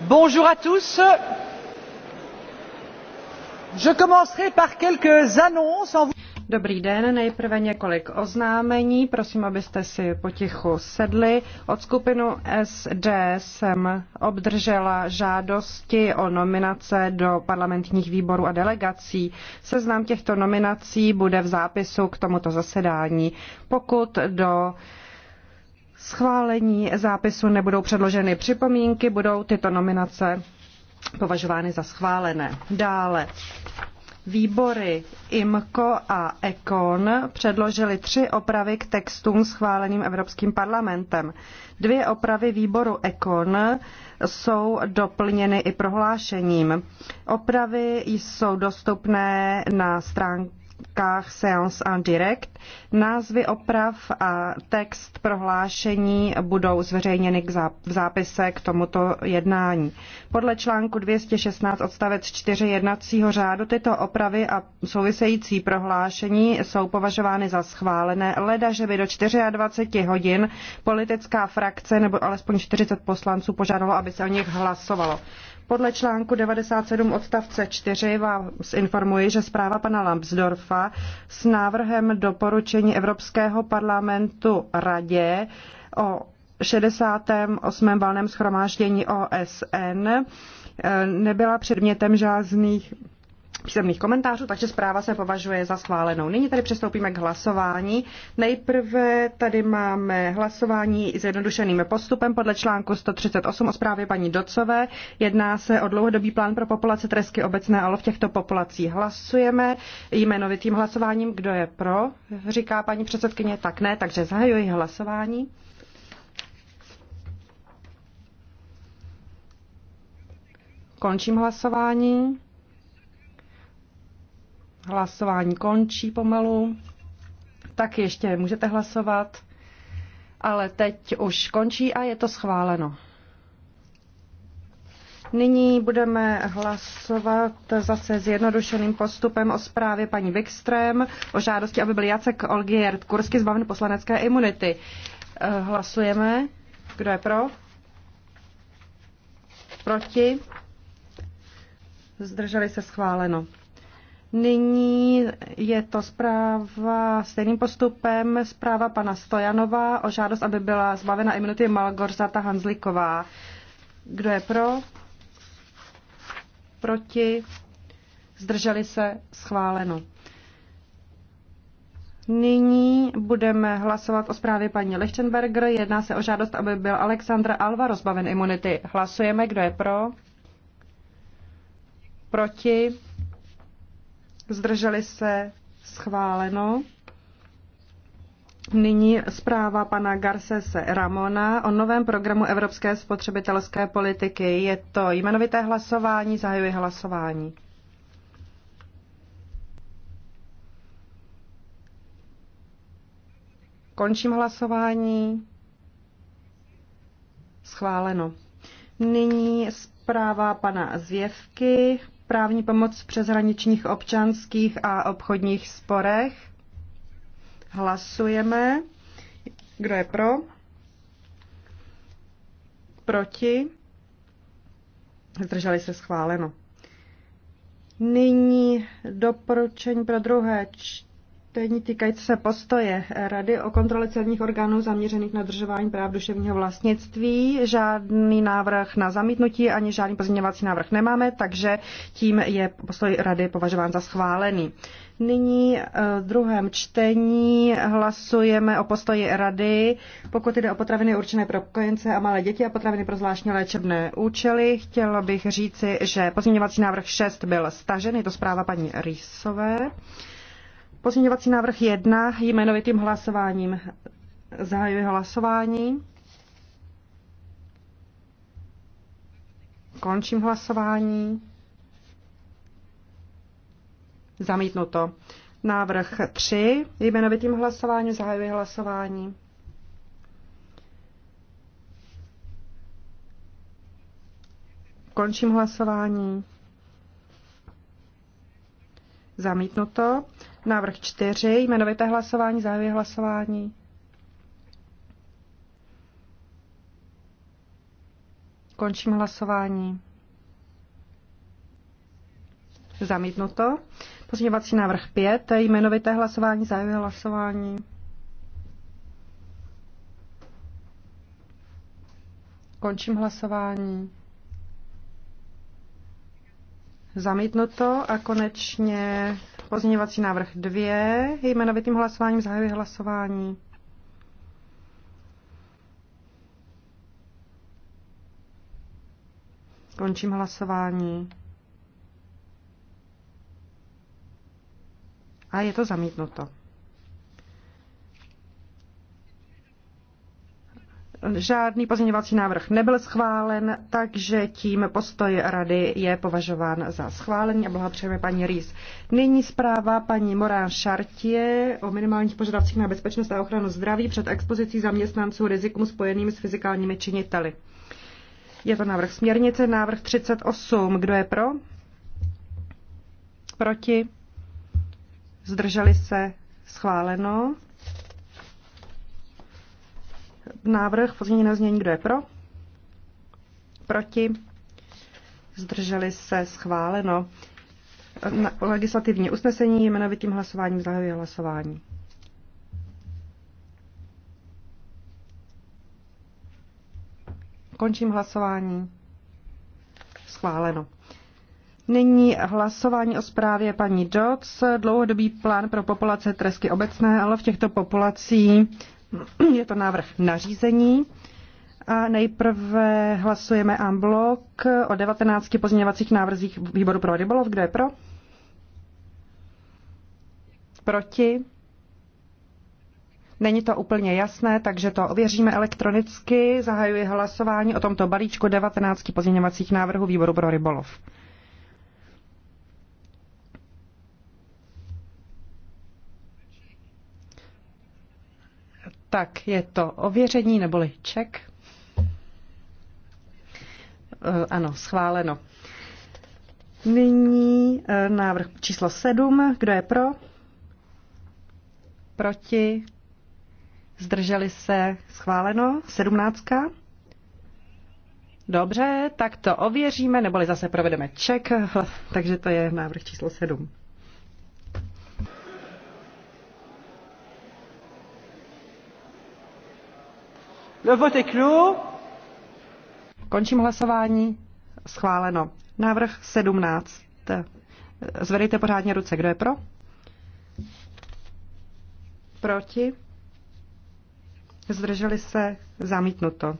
Bonjour à tous. Je commencerai par quelques annonces en Dobrý den, nejprve několik oznámení. Prosím, abyste si potichu sedli. Od skupinu SD jsem obdržela žádosti o nominace do parlamentních výborů a delegací. Seznam těchto nominací bude v zápisu k tomuto zasedání. Pokud do schválení zápisu nebudou předloženy připomínky, budou tyto nominace považovány za schválené. Dále výbory IMCO a ECON předložily tři opravy k textům schváleným Evropským parlamentem. Dvě opravy výboru ECON jsou doplněny i prohlášením. Opravy jsou dostupné na stránkách stránkách Seance en Direct. Názvy oprav a text prohlášení budou zveřejněny k záp- v zápise k tomuto jednání. Podle článku 216 odstavec 4 jednacího řádu tyto opravy a související prohlášení jsou považovány za schválené, leda, že by do 24 hodin politická frakce nebo alespoň 40 poslanců požádalo, aby se o nich hlasovalo. Podle článku 97 odstavce 4 vás informuji, že zpráva pana Lambsdorfa s návrhem doporučení Evropského parlamentu radě o 68. valném schromáždění OSN eh, nebyla předmětem žádných písemných komentářů, takže zpráva se považuje za schválenou. Nyní tady přestoupíme k hlasování. Nejprve tady máme hlasování s jednodušeným postupem podle článku 138 o zprávě paní Docové. Jedná se o dlouhodobý plán pro populace tresky obecné, ale v těchto populacích hlasujeme jmenovitým hlasováním. Kdo je pro, říká paní předsedkyně, tak ne, takže zahajuji hlasování. Končím hlasování. Hlasování končí pomalu. Tak ještě můžete hlasovat, ale teď už končí a je to schváleno. Nyní budeme hlasovat zase Jednodušeným postupem o zprávě paní Wikström o žádosti, aby byl Jacek Olgierd Kursky zbaven poslanecké imunity. Eh, hlasujeme. Kdo je pro? Proti? Zdrželi se schváleno. Nyní je to zpráva stejným postupem, zpráva pana Stojanova o žádost, aby byla zbavena imunity Malgorzata Hanzliková. Kdo je pro? Proti? Zdrželi se? Schváleno. Nyní budeme hlasovat o zprávě paní Lichtenberger. Jedná se o žádost, aby byl Alexandr Alva rozbaven imunity. Hlasujeme, kdo je pro? Proti? zdrželi se, schváleno. Nyní zpráva pana Garcese Ramona o novém programu Evropské spotřebitelské politiky. Je to jmenovité hlasování, zahajuji hlasování. Končím hlasování. Schváleno. Nyní zpráva pana Zjevky právní pomoc v přeshraničních občanských a obchodních sporech. Hlasujeme. Kdo je pro? Proti? Zdrželi se schváleno. Nyní doporučení pro druhé čtení Nyní týkající se postoje Rady o kontrole celních orgánů zaměřených na držování práv duševního vlastnictví. Žádný návrh na zamítnutí ani žádný pozměňovací návrh nemáme, takže tím je postoj Rady považován za schválený. Nyní eh, v druhém čtení hlasujeme o postoji Rady, pokud jde o potraviny určené pro kojence a malé děti a potraviny pro zvláštní léčebné účely. Chtěla bych říci, že pozměňovací návrh 6 byl stažen, je to zpráva paní Rýsové. Pozměňovací návrh 1 jmenovitým hlasováním. Zahajuji hlasování. Končím hlasování. Zamítnuto. Návrh 3 jmenovitým hlasováním. Zahajuji hlasování. Končím hlasování. Zamítnuto. Návrh čtyři, jmenovité hlasování, závěr hlasování. Končím hlasování. Zamítnuto. Pozměňovací návrh 5, jmenovité hlasování, závěr hlasování. Končím hlasování. Zamítnuto a konečně pozměňovací návrh 2. Jmenovitým hlasováním zahajuji hlasování. Končím hlasování. A je to zamítnuto. Žádný pozměňovací návrh nebyl schválen, takže tím postoj rady je považován za schválený a blahopřejeme paní Rýs. Nyní zpráva paní Morán Šartě o minimálních požadavcích na bezpečnost a ochranu zdraví před expozicí zaměstnanců rizikům spojeným s fyzikálními činiteli. Je to návrh směrnice, návrh 38. Kdo je pro? Proti? Zdrželi se? Schváleno návrh v na znění, kdo je pro? Proti? Zdrželi se schváleno. Na legislativní usnesení jmenovitým hlasováním zahajuje hlasování. Končím hlasování. Schváleno. Nyní hlasování o zprávě paní Dodds. Dlouhodobý plán pro populace tresky obecné, ale v těchto populací je to návrh nařízení. A nejprve hlasujeme en bloc o 19 pozměňovacích návrzích výboru pro rybolov. Kdo je pro? Proti? Není to úplně jasné, takže to ověříme elektronicky. Zahajuji hlasování o tomto balíčku 19 pozměňovacích návrhů výboru pro rybolov. Tak je to ověření neboli ček. E, ano, schváleno. Nyní e, návrh číslo 7. Kdo je pro? Proti? Zdrželi se? Schváleno. Sedmnáctka. Dobře, tak to ověříme, neboli zase provedeme ček, takže to je návrh číslo 7. Le vote est clos. Končím hlasování. Schváleno. Návrh 17. Zvedejte pořádně ruce. Kdo je pro? Proti? Zdrželi se? Zamítnuto.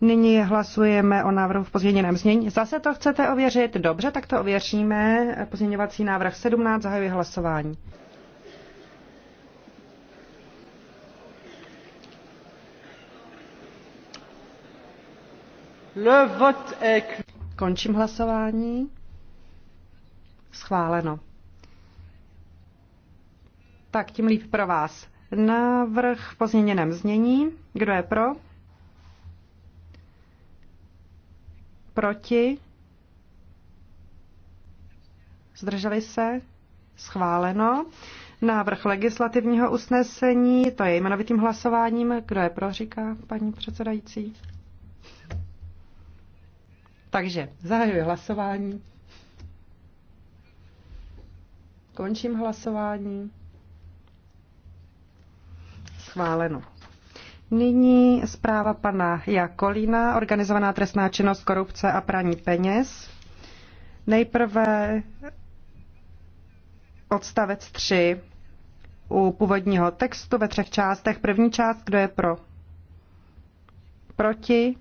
Nyní hlasujeme o návrhu v pozměněném znění. Zase to chcete ověřit? Dobře, tak to ověříme. Pozměňovací návrh 17. Zahajuji hlasování. Le vote est... Končím hlasování. Schváleno. Tak tím líp pro vás. Návrh v pozměněném znění. Kdo je pro? Proti? Zdrželi se? Schváleno. Návrh legislativního usnesení, to je jmenovitým hlasováním. Kdo je pro, říká paní předsedající? Takže zahajuji hlasování. Končím hlasování. Schváleno. Nyní zpráva pana Jakolína, organizovaná trestná činnost, korupce a praní peněz. Nejprve odstavec 3 u původního textu ve třech částech. První část, kdo je pro? Proti?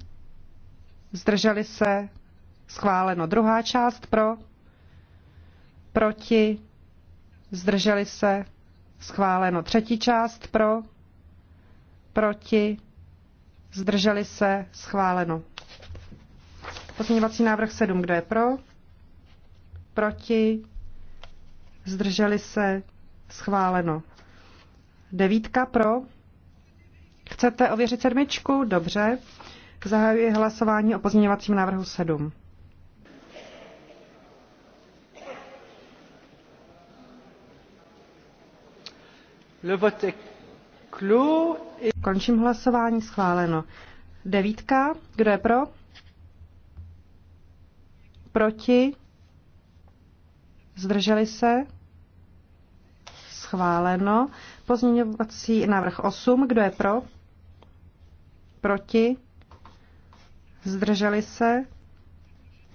Zdrželi se? Schváleno. Druhá část pro? Proti? Zdrželi se? Schváleno. Třetí část pro? Proti? Zdrželi se? Schváleno. Pozměňovací návrh 7. Kdo je pro? Proti? Zdrželi se? Schváleno. Devítka pro? Chcete ověřit sedmičku? Dobře. Zahajuji hlasování o pozměňovacím návrhu 7. Končím hlasování, schváleno. Devítka, kdo je pro? Proti? Zdrželi se? Schváleno. Pozměňovací návrh 8, kdo je pro? Proti? Zdrželi se?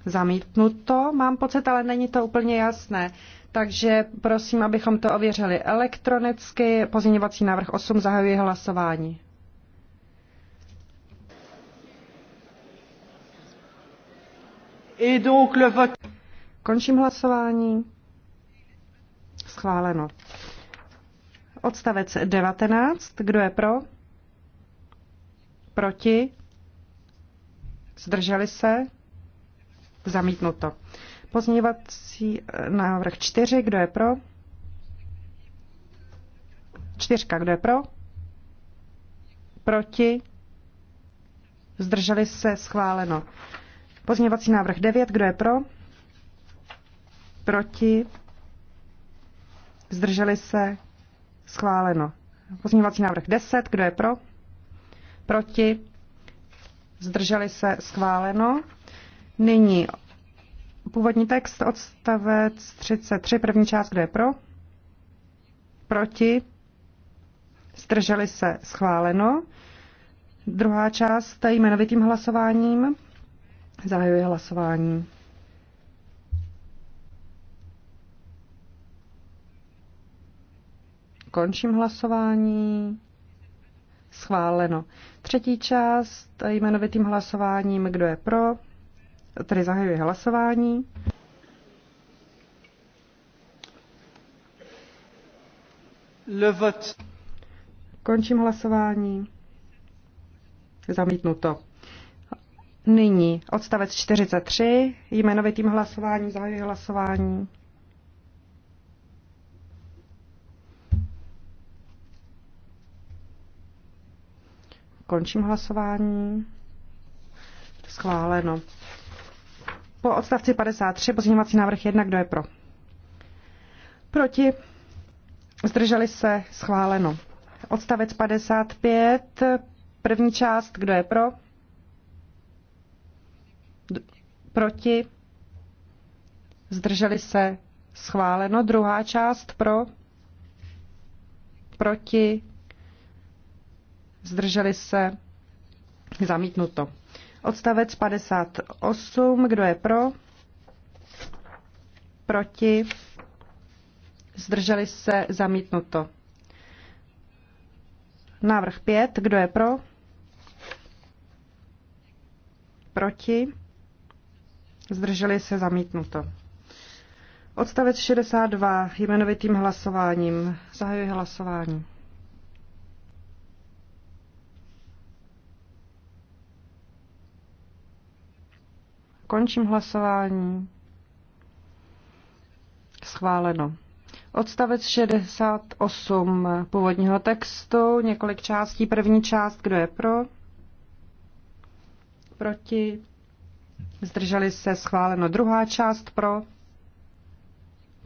Zamítnuto, mám pocit, ale není to úplně jasné takže prosím, abychom to ověřili elektronicky. Pozměňovací návrh 8 zahajuje hlasování. Et donc le vote... Končím hlasování. Schváleno. Odstavec 19. Kdo je pro? Proti? Zdrželi se? Zamítnuto. Pozměňovací eh, návrh 4, kdo je pro? Čtyřka, kdo je pro? Proti? Zdrželi se schváleno. Pozměňovací návrh 9, kdo je pro? Proti? Zdrželi se schváleno. Pozměňovací návrh 10, kdo je pro? Proti? Zdrželi se schváleno. Nyní Původní text odstavec 33, první část, kdo je pro? Proti? Zdrželi se schváleno. Druhá část jmenovitým hlasováním. zahajuje hlasování. Končím hlasování. Schváleno. Třetí část jmenovitým hlasováním. Kdo je pro? Tady zahajuji hlasování. Le vote. Končím hlasování. Zamítnuto. Nyní odstavec 43, jmenovitým hlasováním zahajuji hlasování. Končím hlasování. Schváleno po odstavci 53 pozměňovací návrh 1. Kdo je pro? Proti? Zdrželi se? Schváleno. Odstavec 55, první část, kdo je pro? D- proti? Zdrželi se? Schváleno. Druhá část pro? Proti? Zdrželi se? Zamítnuto. Odstavec 58. Kdo je pro? Proti? Zdrželi se? Zamítnuto. Návrh 5. Kdo je pro? Proti? Zdrželi se? Zamítnuto. Odstavec 62. Jmenovitým hlasováním. Zahajuji hlasování. Končím hlasování. Schváleno. Odstavec 68 původního textu, několik částí. První část, kdo je pro? Proti? Zdrželi se schváleno. Druhá část pro?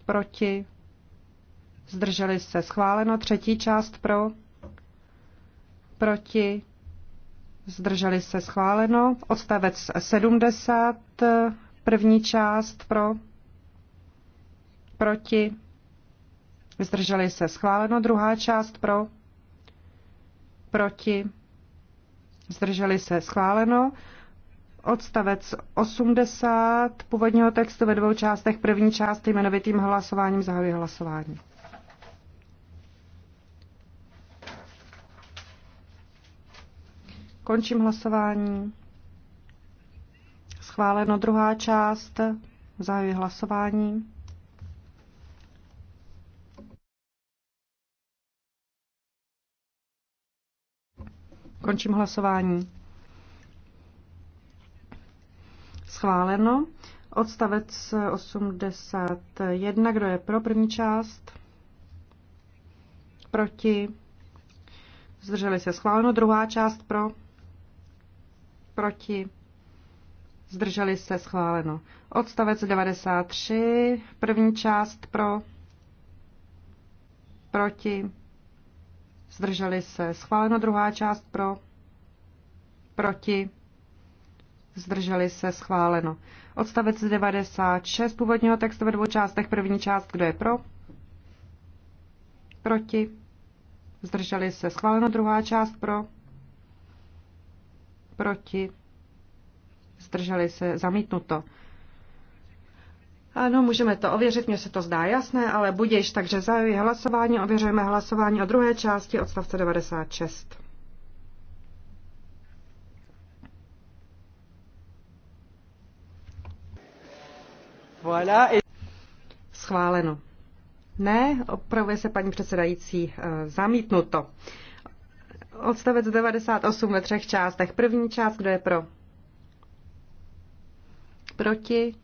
Proti? Zdrželi se schváleno. Třetí část pro? Proti? zdrželi se schváleno. Odstavec 70, první část pro, proti, zdrželi se schváleno. Druhá část pro, proti, zdrželi se schváleno. Odstavec 80 původního textu ve dvou částech. První část jmenovitým hlasováním zahajuje hlasování. Končím hlasování. Schváleno druhá část. Zahajuji hlasování. Končím hlasování. Schváleno. Odstavec 81. Kdo je pro první část? Proti? Zdrželi se schváleno. Druhá část pro? proti, zdrželi se, schváleno. Odstavec 93, první část pro, proti, zdrželi se, schváleno. Druhá část pro, proti, zdrželi se, schváleno. Odstavec 96 původního textu ve dvou částech, první část, kdo je pro, proti, zdrželi se, schváleno. Druhá část pro, proti, zdrželi se, zamítnuto. Ano, můžeme to ověřit, mně se to zdá jasné, ale budiš, takže zahajuji hlasování, ověřujeme hlasování o druhé části odstavce 96. Voilà. Schváleno. Ne, opravuje se paní předsedající, eh, zamítnuto. Odstavec 98 ve třech částech. První část, kdo je pro? Proti?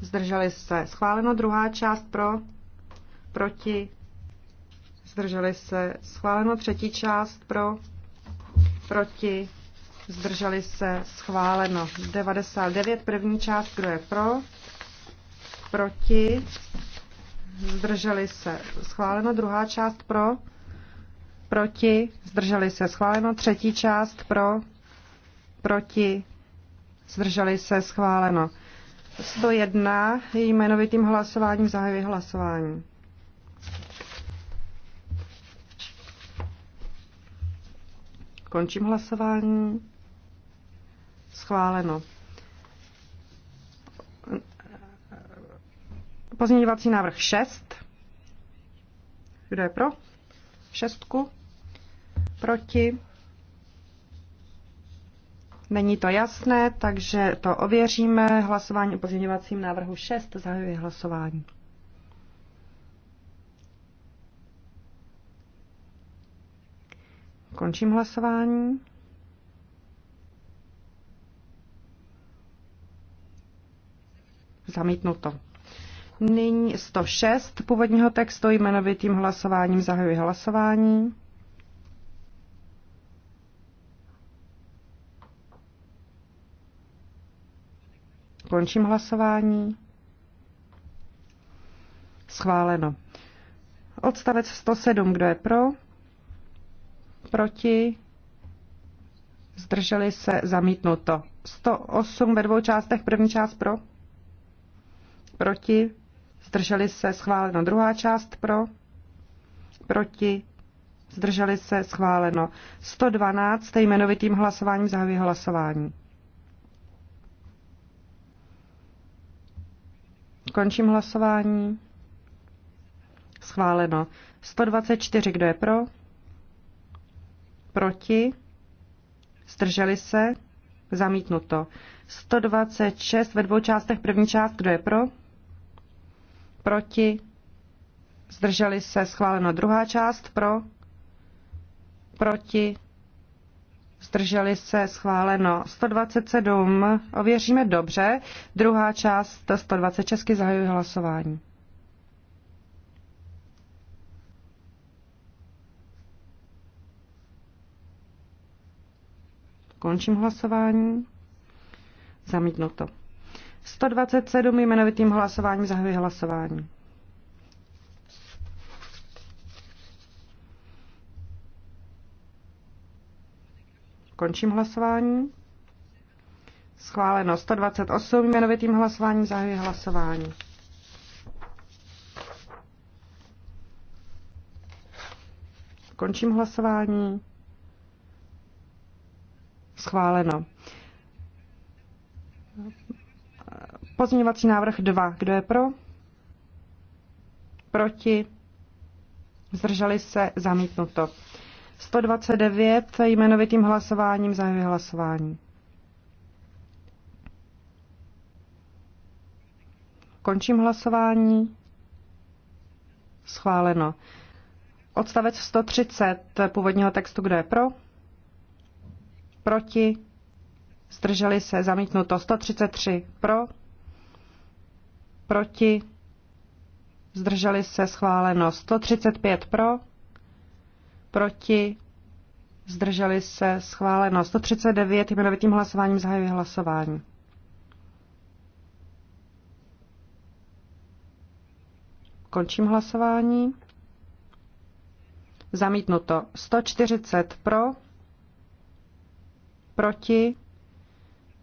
Zdrželi se. Schváleno druhá část pro? Proti? Zdrželi se. Schváleno třetí část pro? Proti? Zdrželi se. Schváleno 99. První část, kdo je pro? Proti? Zdrželi se. Schváleno druhá část pro? proti, zdrželi se schváleno. Třetí část pro, proti, zdrželi se schváleno. 101 jmenovitým hlasováním zahajuje hlasování. Končím hlasování. Schváleno. Pozměňovací návrh 6. Kdo je pro? Šestku. Proti? Není to jasné, takže to ověříme. Hlasování o pozměňovacím návrhu 6. Zahajuji hlasování. Končím hlasování. Zamítnuto. Nyní 106 původního textu jmenovitým hlasováním zahajuji hlasování. Končím hlasování. Schváleno. Odstavec 107, kdo je pro? Proti? Zdrželi se zamítnuto. 108 ve dvou částech, první část pro? Proti? Zdrželi se schváleno. Druhá část pro? Proti? Zdrželi se schváleno. 112 jmenovitým hlasováním zahajuje hlasování. Končím hlasování. Schváleno. 124, kdo je pro? Proti? Zdrželi se? Zamítnuto. 126 ve dvou částech. První část, kdo je pro? Proti? Zdrželi se? Schváleno. Druhá část, pro? Proti? zdrželi se schváleno 127, ověříme dobře, druhá část česky zahajuje hlasování. Končím hlasování. Zamítnuto. 127 jmenovitým hlasováním zahajuji hlasování. Končím hlasování. Schváleno 128 jmenovitým hlasováním. Zahajuji hlasování. Končím hlasování. Schváleno. Pozměňovací návrh 2. Kdo je pro? Proti? Zdrželi se? Zamítnuto. 129 jmenovitým hlasováním za hlasování. Končím hlasování. Schváleno. Odstavec 130 původního textu, kdo je pro? Proti? Zdrželi se, zamítnuto. 133 pro? Proti? Zdrželi se, schváleno. 135 pro? proti, zdrželi se, schváleno. 139 jmenovitým hlasováním zahajuje hlasování. Končím hlasování. Zamítnuto. 140 pro, proti,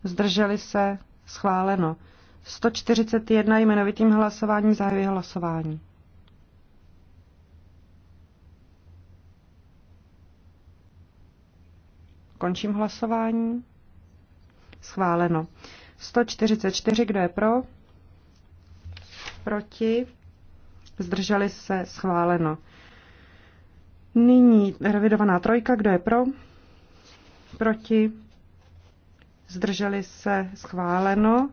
zdrželi se, schváleno. 141 jmenovitým hlasováním zahajuje hlasování. Končím hlasování. Schváleno. 144, kdo je pro? Proti? Zdrželi se? Schváleno. Nyní revidovaná trojka, kdo je pro? Proti? Zdrželi se? Schváleno.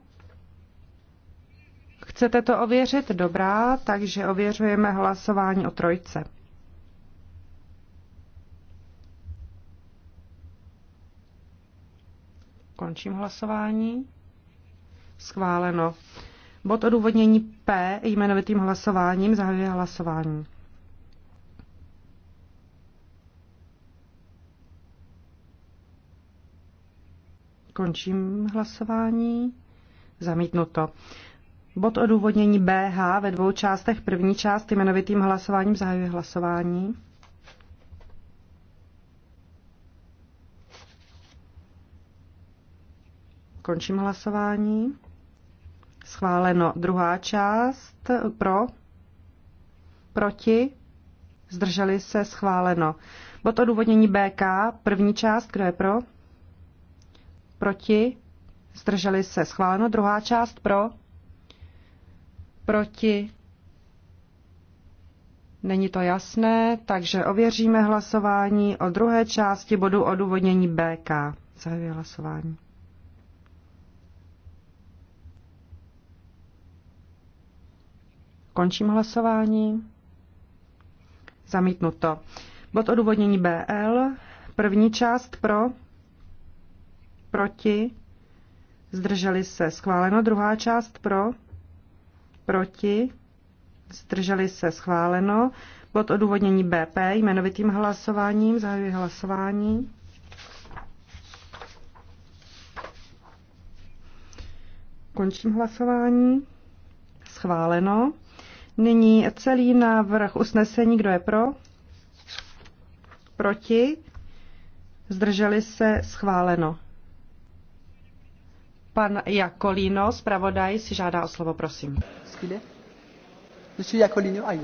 Chcete to ověřit? Dobrá, takže ověřujeme hlasování o trojce. Končím hlasování. Schváleno. Bod odůvodnění P jmenovitým hlasováním zahajuje hlasování. Končím hlasování. Zamítnuto. Bod odůvodnění BH ve dvou částech. První část jmenovitým hlasováním zahajuje hlasování. Končím hlasování. Schváleno druhá část pro, proti, zdrželi se, schváleno. Bod odůvodnění BK, první část, kdo je pro, proti, zdrželi se, schváleno. Druhá část pro, proti, Není to jasné, takže ověříme hlasování o druhé části bodu odůvodnění BK. Zahajuji hlasování. Končím hlasování. Zamítnuto. Bod odůvodnění BL. První část pro, proti, zdrželi se. Schváleno. Druhá část pro, proti, zdrželi se. Schváleno. Bod odůvodnění BP jmenovitým hlasováním. Zahajuji hlasování. Končím hlasování. Schváleno. Nyní celý návrh usnesení, kdo je pro? Proti? Zdrželi se schváleno. Pan Jakolino, zpravodaj, si žádá o slovo, prosím. Monsieur Jacolino, ah,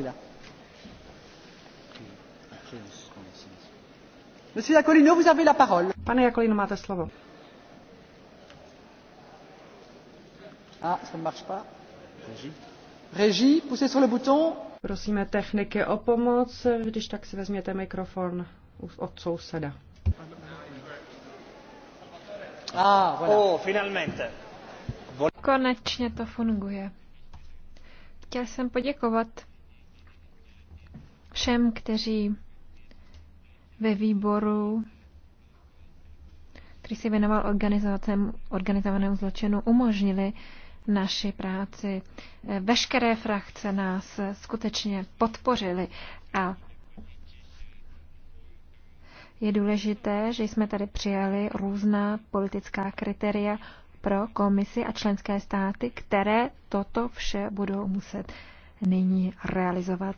Monsieur Jacolino, vous avez la parole. Pane Jacolino, máte slovo. Ah, ça ne marche pas. vas Prosíme techniky o pomoc, když tak si vezměte mikrofon od souseda. Ah, oh, Konečně to funguje. Chtěl jsem poděkovat všem, kteří ve výboru, který se věnoval organizovanému zločinu, umožnili naši práci. Eh, Veškeré frakce nás eh, skutečně podpořily a je důležité, že jsme tady přijali různá politická kritéria pro komisi a členské státy, které toto vše budou muset nyní realizovat.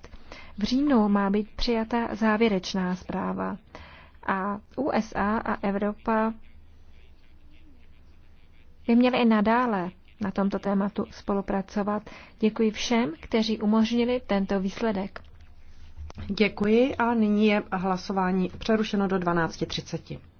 V říjnu má být přijata závěrečná zpráva a USA a Evropa by měly i nadále na tomto tématu spolupracovat. Děkuji všem, kteří umožnili tento výsledek. Děkuji a nyní je hlasování přerušeno do 12.30.